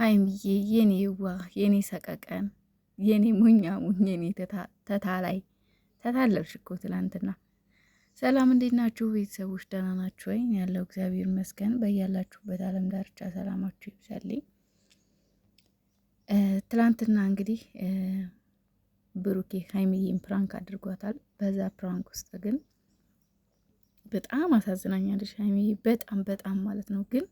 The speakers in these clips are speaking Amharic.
ሀይሚዬ የኔ ዋ የኔ ሰቀቀን የኔ ሙኛ ሞኝ የኔ ላይ ተታለብሽ እኮ ትላንትና። ሰላም እንዴት ናችሁ ቤተሰቦች? ደህና ናችሁ ወይ? ያለው እግዚአብሔር ይመስገን። በያላችሁበት ዓለም ዳርቻ ሰላማችሁ ይብዛልኝ። ትላንትና እንግዲህ ብሩኬ ሀይሚዬን ፕራንክ አድርጓታል። በዛ ፕራንክ ውስጥ ግን በጣም አሳዝናኛለች ሀይሚዬ በጣም በጣም ማለት ነው ግን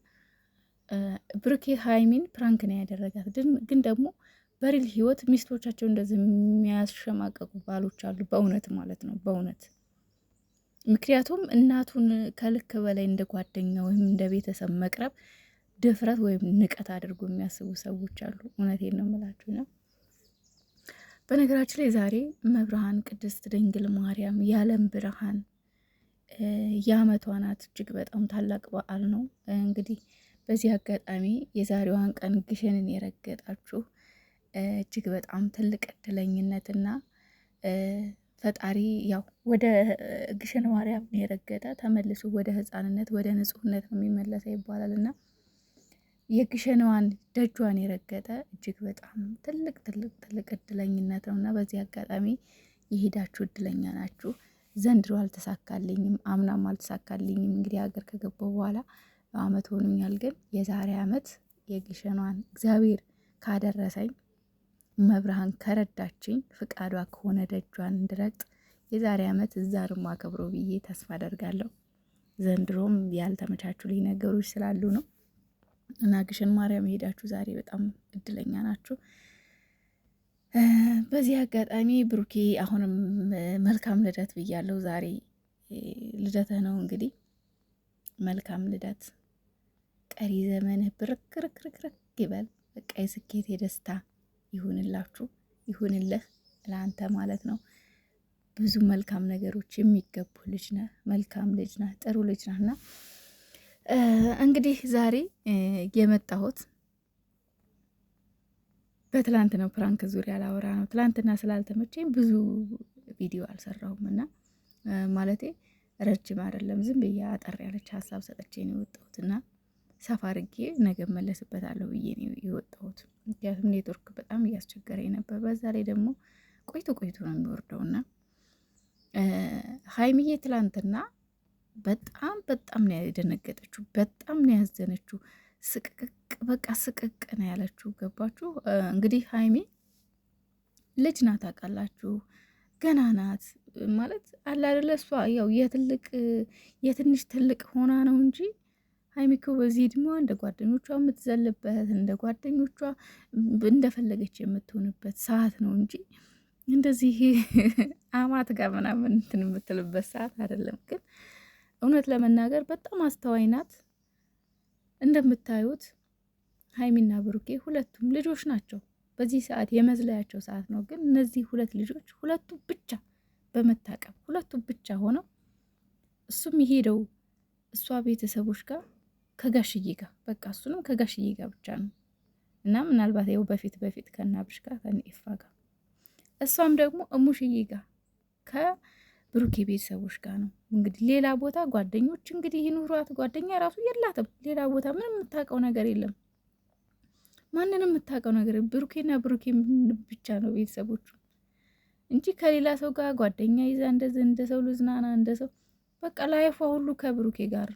ብሩኬ ሀይሚን ፕራንክ ነው ያደረጋት። ግን ደግሞ በሪል ህይወት ሚስቶቻቸው እንደዚህ የሚያሸማቀቁ ባሎች አሉ፣ በእውነት ማለት ነው በእውነት ምክንያቱም እናቱን ከልክ በላይ እንደ ጓደኛ ወይም እንደ ቤተሰብ መቅረብ ድፍረት ወይም ንቀት አድርጎ የሚያስቡ ሰዎች አሉ። እውነቴን ነው የምላችሁ ነው። በነገራችን ላይ ዛሬ መብርሃን ቅድስት ድንግል ማርያም የዓለም ብርሃን የአመቷ ናት። እጅግ በጣም ታላቅ በዓል ነው እንግዲህ በዚህ አጋጣሚ የዛሬዋን ቀን ግሸንን የረገጣችሁ እጅግ በጣም ትልቅ እድለኝነትና ፈጣሪ ያው ወደ ግሸን ማርያም የረገጠ ተመልሶ ወደ ህፃንነት ወደ ንጹህነት ነው የሚመለሰ ይባላል እና የግሸንዋን ደጇን የረገጠ እጅግ በጣም ትልቅ ትልቅ ትልቅ እድለኝነት ነው እና በዚህ አጋጣሚ የሄዳችሁ እድለኛ ናችሁ። ዘንድሮ አልተሳካልኝም፣ አምናም አልተሳካልኝም። እንግዲህ ሀገር ከገባው በኋላ አመት ሆኖኛል። ግን የዛሬ አመት የግሸኗን እግዚአብሔር ካደረሰኝ መብርሃን ከረዳችኝ ፍቃዷ ከሆነ ደጇን እንድረግጥ የዛሬ አመት እዛ ድማ አከብሮ ብዬ ተስፋ አደርጋለሁ። ዘንድሮም ያልተመቻቹልኝ ነገሮች ስላሉ ነው እና ግሸን ማርያም ሄዳችሁ ዛሬ በጣም እድለኛ ናችሁ። በዚህ አጋጣሚ ብሩኬ አሁንም መልካም ልደት ብያለሁ። ዛሬ ልደትህ ነው እንግዲህ መልካም ልደት። ቀሪ ዘመንህ ብርክርክርክርክ ይበል። በቃ የስኬት የደስታ ይሁንላችሁ ይሁንልህ፣ ለአንተ ማለት ነው። ብዙ መልካም ነገሮች የሚገቡ ልጅ ነህ፣ መልካም ልጅ ነህ፣ ጥሩ ልጅ ነህ። እና እንግዲህ ዛሬ የመጣሁት ነው ፕራንክ ዙሪያ ላወራ ነው። ትላንትና ስላልተመቸኝ ብዙ ቪዲዮ አልሰራሁም እና ማለቴ ረጅም አይደለም፣ ዝም ብዬ አጠር ያለች ሀሳብ ሰጠች ነው የወጣሁት እና ሰፋ አድርጌ ነገ መለስበታለሁ ብዬ ነው የወጣሁት። ምክንያቱም ኔትወርክ በጣም እያስቸገረኝ ነበር። በዛ ላይ ደግሞ ቆይቶ ቆይቶ ነው የሚወርደው እና ሀይሚዬ ትላንትና በጣም በጣም ነው የደነገጠችው። በጣም ነው ያዘነችው። ስቅቅቅ በቃ ስቅቅ ነው ያለችው። ገባችሁ እንግዲህ ሀይሚ ልጅ ናት፣ አውቃላችሁ። ገና ናት። ማለት አለ አይደለ እሷ ያው የትልቅ የትንሽ ትልቅ ሆና ነው እንጂ ሀይሚኮ በዚህ እድሜዋ እንደ ጓደኞቿ የምትዘልበት እንደ ጓደኞቿ እንደፈለገች የምትሆንበት ሰዓት ነው እንጂ እንደዚህ አማት ጋር ምናምን እንትን የምትልበት ሰዓት አይደለም። ግን እውነት ለመናገር በጣም አስተዋይ ናት። እንደምታዩት ሀይሚና ብሩኬ ሁለቱም ልጆች ናቸው። በዚህ ሰዓት የመዝለያቸው ሰዓት ነው። ግን እነዚህ ሁለት ልጆች ሁለቱ ብቻ በመታቀብ ሁለቱ ብቻ ሆነው እሱም የሄደው እሷ ቤተሰቦች ጋር ከጋሽዬ ጋር በቃ እሱንም ከጋሽዬ ጋር ብቻ ነው እና ምናልባት ያው በፊት በፊት ከናብሽ ጋር ከነኤፋ ጋር እሷም ደግሞ እሙሽዬ ጋር ከብሩኬ ቤተሰቦች ጋር ነው። እንግዲህ ሌላ ቦታ ጓደኞች እንግዲህ ይኑሯት፣ ጓደኛ ራሱ የላትም። ሌላ ቦታ ምንም የምታውቀው ነገር የለም። ማንንም የምታውቀው ነገር ብሩኬና ብሩኬ ብቻ ነው ቤተሰቦቹ እንጂ ከሌላ ሰው ጋር ጓደኛ ይዛ እንደዚህ እንደ ሰው ልዝናና እንደ ሰው በቃ ላይፏ ሁሉ ከብሩኬ ጋር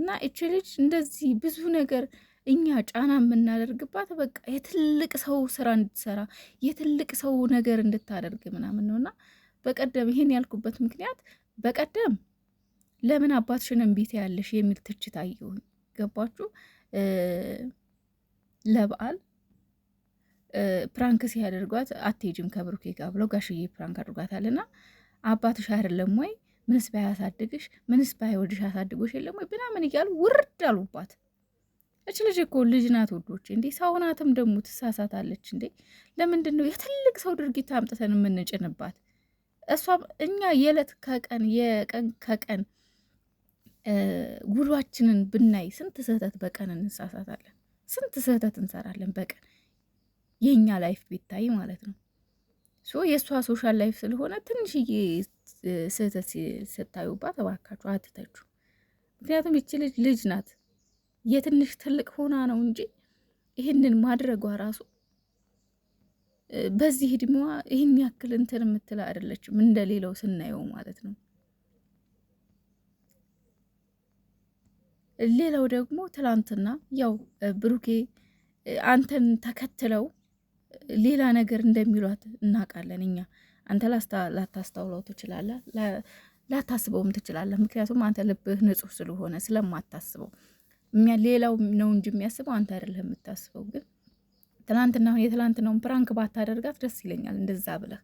እና እቺ ልጅ እንደዚህ ብዙ ነገር እኛ ጫና የምናደርግባት በቃ የትልቅ ሰው ስራ እንድትሰራ የትልቅ ሰው ነገር እንድታደርግ ምናምን ነው። እና በቀደም ይሄን ያልኩበት ምክንያት በቀደም ለምን አባትሽን እምቢ ያለሽ የሚል ትችት አየሁኝ። ገባችሁ ለበዓል ፕራንክ ሲያደርጓት አትሄጂም ከብሩኬ ጋር ብለው ጋሽዬ ፕራንክ አድርጓታልና አባትሽ አይደለም ወይ ምንስ ባያሳድግሽ ምንስ ባይወድሽ አሳድጎሽ የለም ወይ ምናምን እያሉ ውርድ አሉባት። እች ልጅ እኮ ልጅ ናት ውዶች፣ እንዴ ደግሞ ትሳሳታለች እንዴ። ለምንድን ነው የትልቅ ሰው ድርጊት አምጥተን የምንጭንባት? እሷም እኛ የዕለት ከቀን የቀን ከቀን ውሏችንን ብናይ ስንት ስህተት በቀን እንሳሳታለን፣ ስንት ስህተት እንሰራለን በቀን የእኛ ላይፍ ቢታይ ማለት ነው። ሶ የእሷ ሶሻል ላይፍ ስለሆነ ትንሽዬ ስህተት ስታዩባት እባካችሁ አትተቹ። ምክንያቱም ይቺ ልጅ ልጅ ናት። የትንሽ ትልቅ ሆና ነው እንጂ ይህንን ማድረጓ ራሱ በዚህ እድሜዋ ይህን ያክል እንትን የምትል አይደለችም፣ እንደሌላው ስናየው ማለት ነው። ሌላው ደግሞ ትላንትና ያው ብሩኬ አንተን ተከትለው ሌላ ነገር እንደሚሏት እናውቃለን እኛ። አንተ ላታስታውለው ትችላለህ፣ ላታስበውም ትችላለህ። ምክንያቱም አንተ ልብህ ንጹሕ ስለሆነ ስለማታስበው ሌላው ነው እንጂ የሚያስበው አንተ አይደለህ የምታስበው። ግን ሁን የትላንትናውን ፕራንክ ባታደርጋት ደስ ይለኛል። እንደዛ ብለህ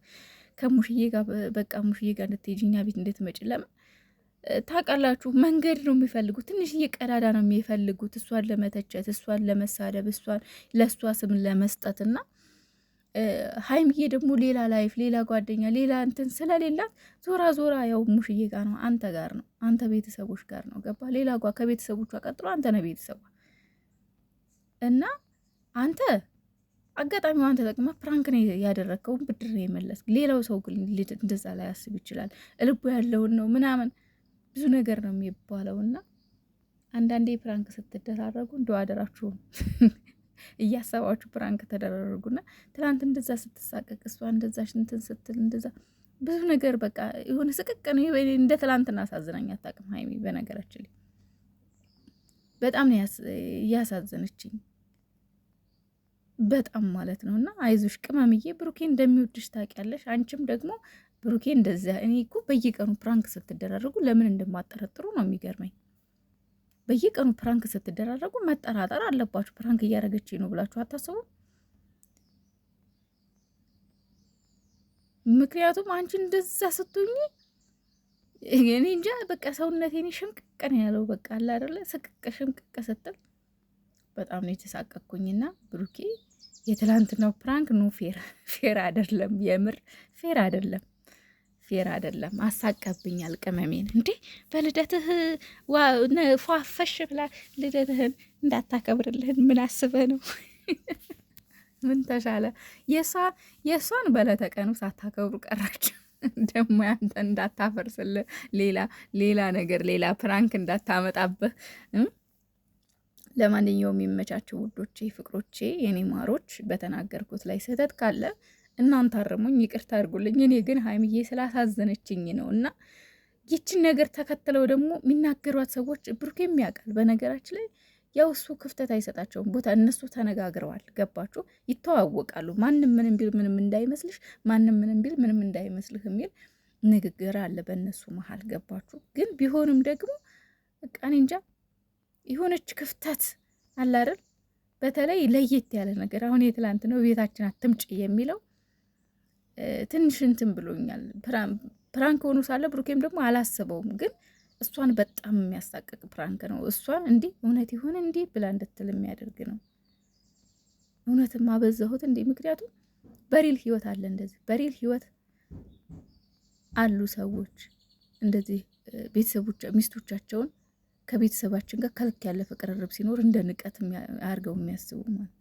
ከሙሽዬ ጋር በቃ ሙሽዬ ጋር እንድትሄጂ እኛ ቤት እንድትመጪ ለምን ታውቃላችሁ መንገድ ነው የሚፈልጉት። ትንሽዬ ቀዳዳ ነው የሚፈልጉት እሷን ለመተቸት፣ እሷን ለመሳደብ፣ እሷን ለእሷ ስም ለመስጠትና ሀይምዬ ደግሞ ሌላ ላይፍ፣ ሌላ ጓደኛ፣ ሌላ እንትን ስለሌላት ዞራ ዞራ ያው ሙሽዬ ጋር ነው፣ አንተ ጋር ነው፣ አንተ ቤተሰቦች ጋር ነው። ገባ ሌላ ጓ ከቤተሰቦቿ ቀጥሎ አንተ ነህ ቤተሰቧ እና አንተ አጋጣሚዋን ተጠቅመህ ፕራንክ ነው ያደረግከውን ብድር የመለስ። ሌላው ሰው ግን እንደዛ ላይ ያስብ ይችላል። እልቦ ያለውን ነው ምናምን ብዙ ነገር ነው የሚባለው እና አንዳንዴ ፕራንክ ስትደራረጉ እንደ አደራችሁም እያሰባችሁ ፕራንክ ተደረጉና ትላንት እንደዛ ስትሳቀቅ እሷ እንደዛ ሽንትን ስትል እንደዛ ብዙ ነገር በቃ የሆነ ስቅቅ ነው። እንደ ትላንትና አሳዝናኝ አታውቅም ሀይሚ። በነገራችን ላይ በጣም ነው እያሳዘነችኝ በጣም ማለት ነው። እና አይዞሽ ቅመምዬ፣ ብሩኬ እንደሚወድሽ ታውቂያለሽ። አንቺም ደግሞ ብሩኬ እንደዚያ እኔ እኮ በየቀኑ ፕራንክ ስትደራረጉ ለምን እንደማጠረጥሩ ነው የሚገርመኝ። በየቀኑ ፕራንክ ስትደራረጉ መጠራጠር አለባችሁ። ፕራንክ እያደረገች ነው ብላችሁ አታስቡ። ምክንያቱም አንቺ እንደዛ ስትኝ እኔ እንጃ በቃ ሰውነቴን ሽምቅቅን ያለው በቃ አለ አይደለ ስቅቅ ሽምቅቅ ስትል በጣም ነው የተሳቀቅኩኝና ብሩኬ የትላንትናው ፕራንክ ኑ ፌር ፌር አይደለም፣ የምር ፌር አይደለም። ፌር አይደለም። አሳቀብኛል። ቅመሜን እንዴ በልደትህ ፏፈሽ ብላ ልደትህን እንዳታከብርልህን ምን አስበህ ነው? ምን ተሻለ? የእሷን በለተቀኑ ሳታከብሩ ቀራችሁ። ደግሞ ያንተ እንዳታፈርስል ሌላ ሌላ ነገር ሌላ ፕራንክ እንዳታመጣብህ። ለማንኛውም የሚመቻቸው ውዶቼ፣ ፍቅሮቼ፣ የኔ ማሮች በተናገርኩት ላይ ስህተት ካለ እናንተ አርሙኝ፣ ይቅርታ አድርጉልኝ። እኔ ግን ሀይምዬ ስላሳዘነችኝ ነው እና ይችን ነገር ተከትለው ደግሞ የሚናገሯት ሰዎች ብሩክ የሚያውቃል። በነገራችን ላይ ያው እሱ ክፍተት አይሰጣቸውም ቦታ እነሱ ተነጋግረዋል። ገባችሁ? ይተዋወቃሉ። ማንም ምንም ቢል ምንም እንዳይመስልሽ፣ ማንም ምንም ቢል ምንም እንዳይመስልህ የሚል ንግግር አለ በእነሱ መሀል። ገባችሁ? ግን ቢሆንም ደግሞ እኔ እንጃ የሆነች ክፍተት አለ አይደል? በተለይ ለየት ያለ ነገር አሁን የትላንት ነው ቤታችን አትምጭ የሚለው ትንሽ እንትን ብሎኛል። ፕራንክ ሆኖ ሳለ ብሩኬም ደግሞ አላሰበውም፣ ግን እሷን በጣም የሚያሳቅቅ ፕራንክ ነው። እሷን እንዲህ እውነት ይሁን እንዲህ ብላ እንድትል የሚያደርግ ነው። እውነትም አበዛሁት እንዲህ ምክንያቱም በሪል ህይወት አለ እንደዚህ በሪል ህይወት አሉ ሰዎች እንደዚህ ቤተሰቦች ሚስቶቻቸውን ከቤተሰባችን ጋር ከልክ ያለፈ ቅርርብ ሲኖር እንደ ንቀት አድርገው የሚያስቡ ማለት